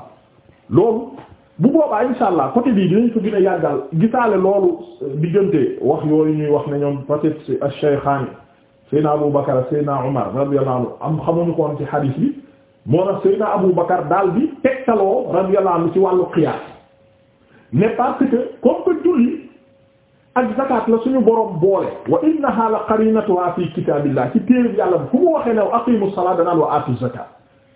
loolu bu boobaa insha allah côté bii dinañ ko gën a yàggal gisaale loolu euh, diggante wax yooyu ñuy wax ne ñoom peut-être euh, Shaykhaani Seydina Abu Bakr Seydina Umar radiyallahu anhu am xamuñu ko woon ci moo tax Seydina Abu Bakar daal bi tegtaloo radiyallahu anhu ci wàllu qiyaas ne parce que comme que julli ak zakat la suñu borom boole wa innaha la qarinatuha fi kitaabillah ci téere yàlla bu fu mu waxee ne aqimu salaa danaan wa aatu zakat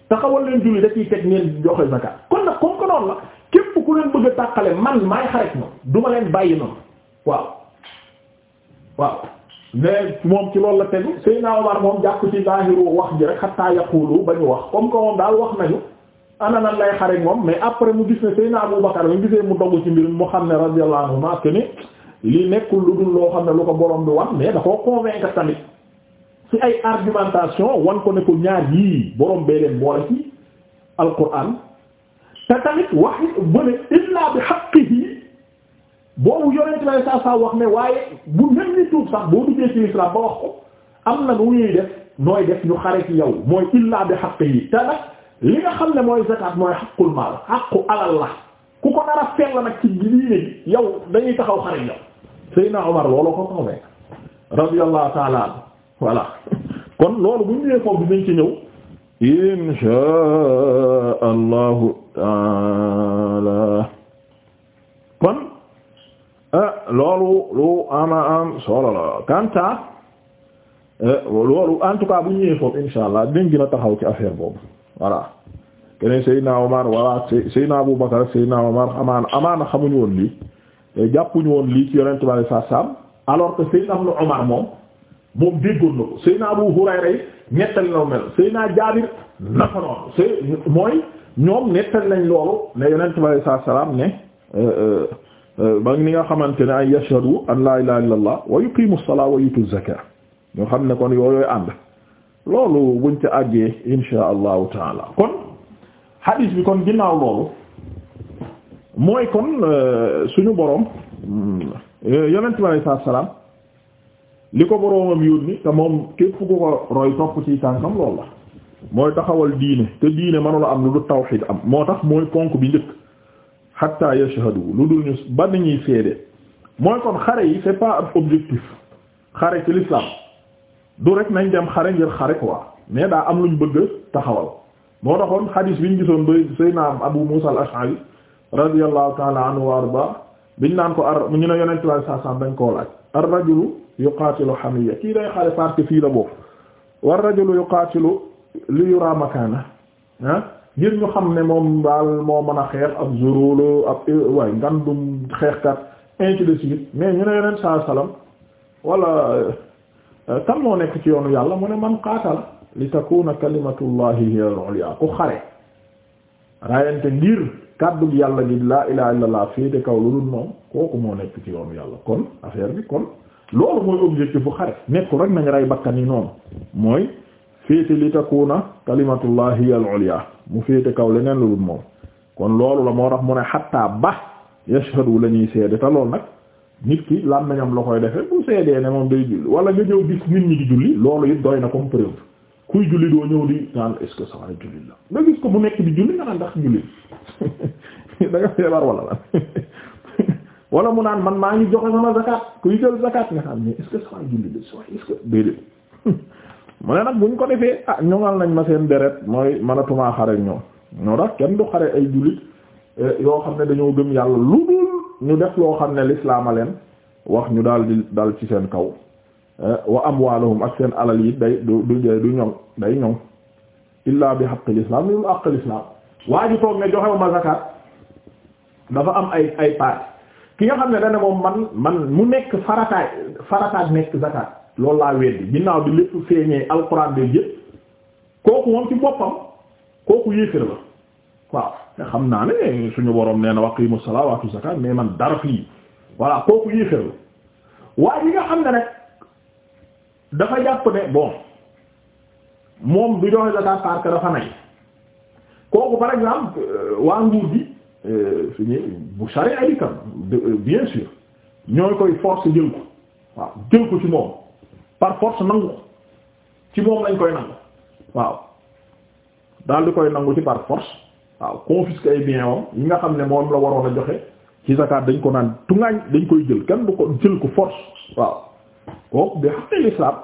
taxawal leen julli da ciy teg ngeen joxe zakat kon nag comme que noonu la képp ku leen bëgg a tàqale man maay xarit ma duma leen bàyyi noonu waaw waaw mais moom ci loolu la tegu Seydina Omar moom jàpp ci zaahiru wax ji rek xattaa yaqulu ba ñu wax comme que moom daal wax nañu ana nan lay xare moom mais après mu gis ne Seydina Abu Bakar mu gisee mu dogu ci mbir mu xam ne radiyallahu anhu ma que ni li nekkul lu dul loo xam ne lu ko borom bi wax mais da koo convaincre tamit ci ay argumentation wan ko ne ko ñaar yii borom bee leen boole ci alquran te tamit wax bële illa bi boobu yonent lay saa saa wax ne waaye bu mel ni tuub sax boo duggee ci islam ba wax ko am na nu ñuy def nooy def ñu xare ci yow mooy illaa bi xaq yi te nag li nga xam ne mooy zakat mooy xaqu alal la ku ko nar a nag ci diine ji yow dañuy taxaw xare yow Seydina Omar loolu ko convaincre radiyallahu ta'ala anhu voilà kon loolu bu ñu ñëwee foofu dinañ ci ñëw insha allahu taala kon Eh, loolu lu ama am solo la kanta eh, loolu en tout cas bu ñu ñëwee foofu insha allah dinañ taxaw ci affaire boobu voilà keneen Seydina Omar wala Seydina Abu Bakar Seydina Omar amaana amaana xamuñu woon lii eh, jàppuñu woon lii ci yonent bi saa saam alors que Seydina Ibn Omar moom moom déggoon na ko Seydina Abu Hurayra nettali na mel Seydina Jaabir naka Sey mooy ñoom nettali nañ loolu ne yonent bi saa salaam ne. ba ni nga xamante ne ay yashhadu an la ilaha illallah wa yuqimu as wa yutu az ñoo xam ne kon yooyooy ànd loolu buñ ca àggee insha allahu taala kon hadith bi kon ginnaaw loolu mooy kon euh, suñu boroom euh, yonent bi alayhi salaam li ko boroomam yónni te moom képp ku ko roy topp ci tànkam loolu la mooy taxawal diine te diine mënula am lu du tawhid am moo tax mooy ponk bi njëkk hatta yashhadu lu dul ñu ba ni ñuy seede mooy kon xare yi c'est pas un objectif xare ci l'islam du rek nañ dem xare ngir xare quoi mais daa am luñ bëgg taxawal moo taxoon xadiis bi ñu gisoon ba am Abu Musa al-Ash'ari radiyallahu ta'ala anhu wa arda biñ naan ko ar ñu ne yonent bi sallallahu alayhi wasallam dañ koo laaj ar rajulu yuqaatilu hamiyya kii day xare parce que fii la boo war rajulu yuqaatilu li yura makaana ah ngir ñu xam ne moom daal moo mën a xeex ab zorólo ab euh, waay ngandum xeexkat ainsi de mais ñu ne yeneen saa salaam wala kan moo nekk ci yoonu yàlla mu ne man qaatala li takuna kalimatullahi hiya al-ulya ku xare rayante ngir kàddu yàlla laa ilaha illallah féete kaw lu dul moom kooku moo nekk ci yoonu yàlla kon affaire bi kon loolu mooy objectif bu xare nekkul rek nañ rey bakkan yi noonu mooy féete li takuuna kalimatullahi hiya al-ulya mu féete kaw leneen lu dul moom kon loolu la moo tax mu ne xatta ba yashhadu la ñuy seede te loolu nag nit ki làmmiñam la koy defee bu seedee ne moom day julli wala nga ñëw gis nit ñi di julli loolu it doy na comme preuve kuy julli doo ñëw di naan est-ce julli la nga gis ko mu nekk di julli nga ndax julli <laughs> da nga feebar wala la <laughs> wala mu naan man maa ngi joxe sama zakat kuy jël zakat nga xam ne est-ce <laughs> mu ne nag buñ ko defee ah ñoŋal nañ ma seen deret mooy manatumaa xare ñoom ñoo tax kenn du xare ay jullit eh, yoo xam ne dañoo gëm yàlla lu dul ñu def loo xam ne lislaam a leen wax ñu daal di dal ci seen kaw eh, wa amwaaluhum ak seen alal yi day du du du ñoŋ day ñoŋ illaa bi haqqil islam lu haqqil islam waa ji toog ne joxewu ma zakat dafa am ay ay parti ki nga xam ne dana moom man man mu nekk farataay farataak nekk zakat loolu laa weddi ginnaaw bi lépp feeñee alxuraan beeg yëpp kooku moom ci boppam kooku yéefér la waaw te xam naa ne suñu borom nee na waqimu salaa waatu zakat mais man dara fii voilà kooku yéefér la waaye yi nga xam ne rek dafa jàpp ne bon moom du joxe zakat parce que dafa nay kooku par exemple euh, waa nguur bi euh, suñu bu sare ay kan bien sûr koy force jël ko waaw jël ko ci moom. par force nangu ci moom lañ koy nangu waaw daal di koy nangu ci par force waaw confisquer ay biens wam yi nga xam ne moom la waroon a joxe ci zakat dañ ko naan tungaañ dañ koy jël kenn du ko jël ko force waaw kooku bi xam ne l'islam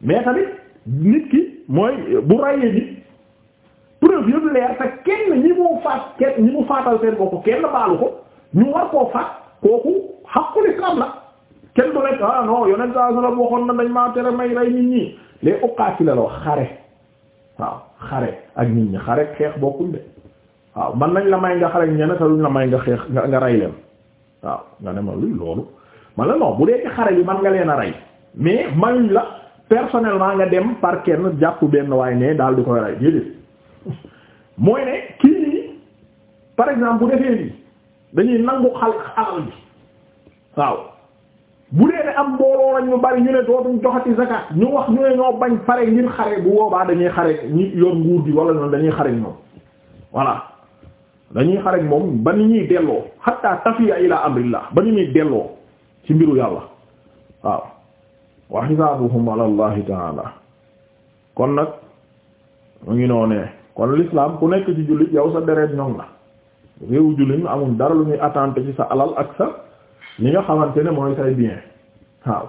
mais nit ki mooy bu rayee ji preuve yëpp leer te kenn ñi mu faat kenn ñi mu faatal seen bopp kenn baalu ko ñu war koo faat kooku xaqul islam la kenn du nekk ah ma na dañ maa tere may rey nit ñi les uqaati la la wax xare waaw xare ak nit ñi xare xeex bokkuñ de waaw man nañ la may nga xare ñeneen te duñ la may nga xeex nga nga rey leen waaw nga ne ma luy loolu man la non bu dee ci xare bi man nga leen a rey mais mayuñ la maa nga dem par kenn jàpp benn waaye ne daal di koy rey déedéet <laughs> mooy ne kii par exemple bu defee lii dañuy nangu xal alal bi waaw. bu dee ne am mbooloo lañ bari ñu ne dootuñ joxati zakat ñu wax ñu ne ñoo bañ pare ngir xare bu boobaa dañuy xare ñi yor nguur gi wala ñoom dañuy xare ñoom voilà dañuy xare moom ba ni ñuy delloo hatta tafiya ila amrillah ba ni ñuy delloo ci mbiru yàlla waaw wa hisaabuhum ala allahi kon nag mu ngi noonee kon l'islam ku nekk ci jullit yow sa deret ñoŋ la réewu jullit amuñ dara lu ñuy attente ci sa alal ak sa li nga xamante ne mooy say bien waaw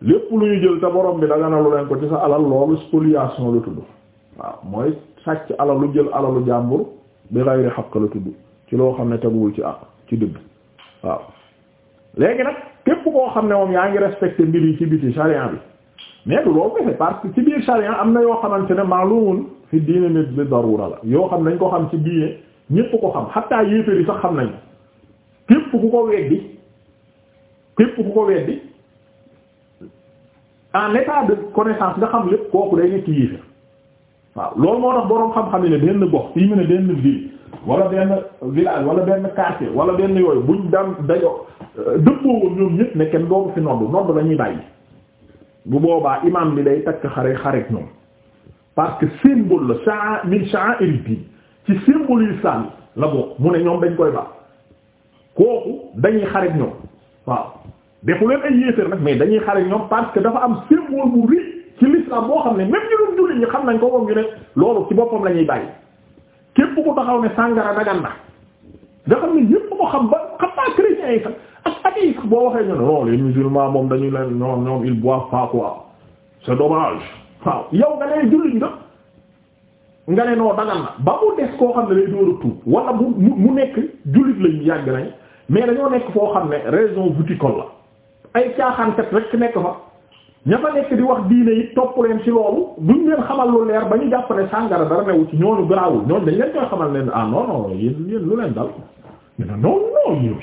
lépp lu ñu jël te borom bi da nga lu leen ko ci sa alal loolu spoliation la tudd waaw mooy sàcc alalu jël alalu jàmbur bi ghayri haqq la tudd ci loo xam ne teguwul ci ak ci dëgg waaw léegi nag képp koo xam ne moom yaa ngi respecté mbir yi ci biti charia bi mais du loolu kese parce que ci biir charia am na yoo xamante ne maalumul fi diine nit bi darura la yoo xam nañ ko xam ci diine ñépp ko xam xatta yéeféer yi sax lépp ku ko weddi en état de connaissance nga xam lépp kooku day nekk yéefér waaw loolu moo tax boroom xam-xam yi ne benn gox fii mu ne benn ville wala benn village wala benn quartier wala benn yooyu buñ daan dajo euh, dëppoo woon ñoom ñëpp ne kenn doomu fi nodd nodd la ñuy bàyyi bu boobaa imam bi day takk xare xareek ñoom parce que symbole la sha'a min sha'a'ir din ci symbole yu islam la bokk mu ne ñoom dañ koy baax kooku dañuy xareek ñoom waaw defu leen ay yéeféer nag mais dañuy xare ñoom parce que dafa am symbole bu rëy ci l'islam boo xam ne même ñu doon jullit ñi xam nañ ko moom ñu ne loolu ci boppam la ñuy bàyyi képp ku taxaw ne sàngara dagan na nga xam ne ñépp ko xam ba xam naa chrétiens yi sax ak athées sax boo waxee ñu ne non les moom dañu leen ñoom ñoom ils boivent pas c'est dommage waaw yow nga nee jullit nga nga ne noo dagan na ba mu des koo xam ne lay door a tuub wala mu mu nekk jullit yàgg nañ mais dañoo nekk foo xam ne raison viticole la ay caaxaankat rek nekk fa ña fa nekk di wax diine yi topp leen ci loolu duñ leen xamal lu leer ba ñu jàpp ne sàngara dara newu ci ñooñu garaawul ñooñu dañ leen koy xamal leen ah non non yéen yéen dal mais non non leen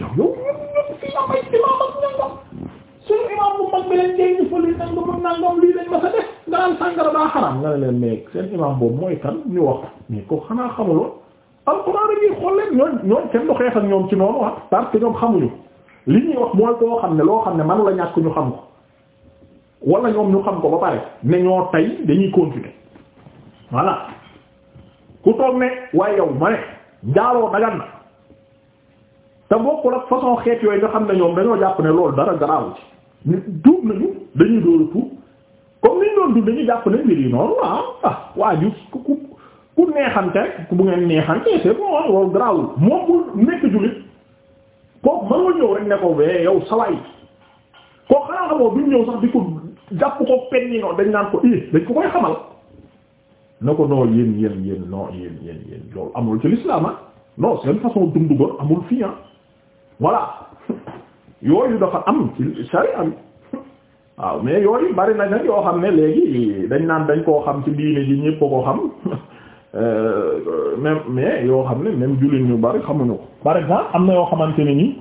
seen imaam mooy kan ñu xanaa xamuloo kenn du xeex ñoom ci noonu ah parce ñoom xamuñu li ñuy wax mooy koo xam ne loo xam ne manu la ñàkk ñu xam ko wala ñoom ñu xam ko ba pare ne ñoo tey dañuy continuer voilà ku toog ne waaye yow ma ne njaaloo dagan na te bokkul ak façon xeet yooyu nga xam ne ñoom dañoo jàpp ne loolu dara garaawu ci tuub nañu dañuy dóoru tuub comme liñ doon dund dañuy jàpp ne mbir yi noonu ah ah waa ju ku ku neexante rek bu ngeen neexante c'est bon loolu garaawul moom bu nekk jullit kooku mën nga ñëw rek ne ko bee yow sawaay koo xanaa xamoo duñ ñëw sax di ko jàpp ko pen yi noonu dañ naan ko i dañ ko koy xamal na ko noo yéen yéen yéen non yéen yéen loolu amul ci l'islam ah non seen façon dund ba amul fii ah voilà <laughs> yooyu dafa am ci sharia <laughs> waaw mais yooyu bari na nag yoo xam ne léegi dañ naan dañ koo xam ci diine ji ñépp ko xam <laughs> Euh, même mais yoo xam ne même jullit ñu bari xamuñu ko par exemple am na yoo xamante ne ni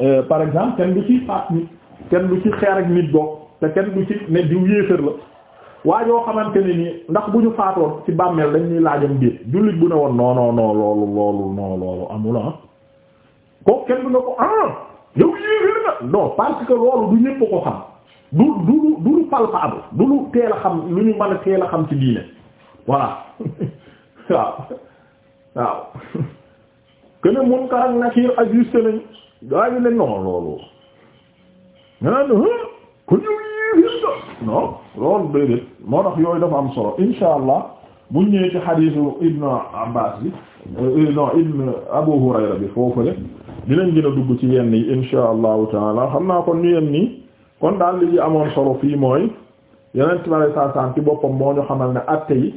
euh, par exemple kenn du ci faat nit kenn du ci xeer ak nit bokk te kenn du ci ne la waa xamante ne ni ndax bu ñu faatoon ci bàmmeel dañ ñuy laajam biir jullit bu ne woon non non non loolu loolu non loolu amul ah kooku kenn du ne ko ah yow yéefér la non parce que loolu du ñëpp ko xam du du du lu palpable du lu teel a xam lu ñu mën a xam ci diine voilà <laughs> <laughs> waaw waaw kene munkar ak nakir ajusté nañ gaa yi ne loolu la non loolu moo tax yooyu dafa am solo insha allah buñ ñëwee ci xadiisu ibnu abbas bi euh, non ibnu abu hurayra bi foofale dinañ gën a dugg ci yenn yi insha allahu taala xam naa kon ñu yenn nii kon daal li amoon solo fii mooy yeneen ci saa saan ci boppam moo ñu xamal ne àtte yi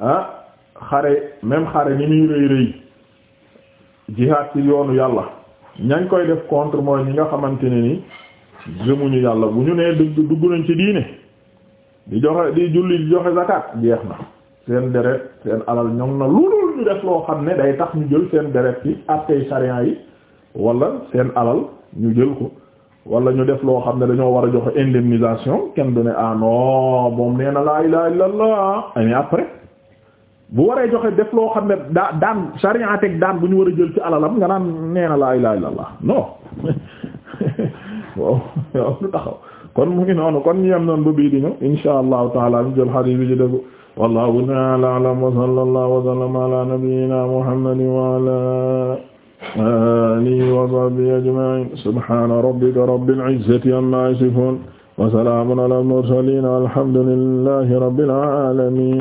ah, xare même xare ni muy rëy rëy jihaad ci yoonu yàlla ñañ koy def contre mooy ñi nga xamante ne ni gëmuñu yàlla bu ñu nee dugg dugg nañ ci diine di joxe di julli di joxe zakat jeex na seen deret seen alal ñoom na loolu ñu def loo xam ne day tax ñu jël seen deret ci attey sarians yi wala seen alal ñu jël ko wala ñu def loo xam ne dañoo war a joxe indemnisation kenn du ne ah non moom nee na laa ilaha illallah après. bu waree joxe def loo xam ne daa daan sariya teg daan bu ñu war a jël ci alalam nga naan nee na laa ilaaha illallaah non <laughs> waaw waaw lu taxaw kon mu ngi noonu kon ñu yem noonu ba bii di ñu inshaa allahu taala ñu jël hadiis bi ci dëgg wallaahu ta'aala a'lam wa sallallaahu wa sallama ala nabiyyina muhammadin wa ala aalihi wa sahbihi ajma'iin subhaana rabbika rabbil izzati amma yasifuun wa salaamun ala al-mursaliin walhamdulillaahi rabbil aalamiin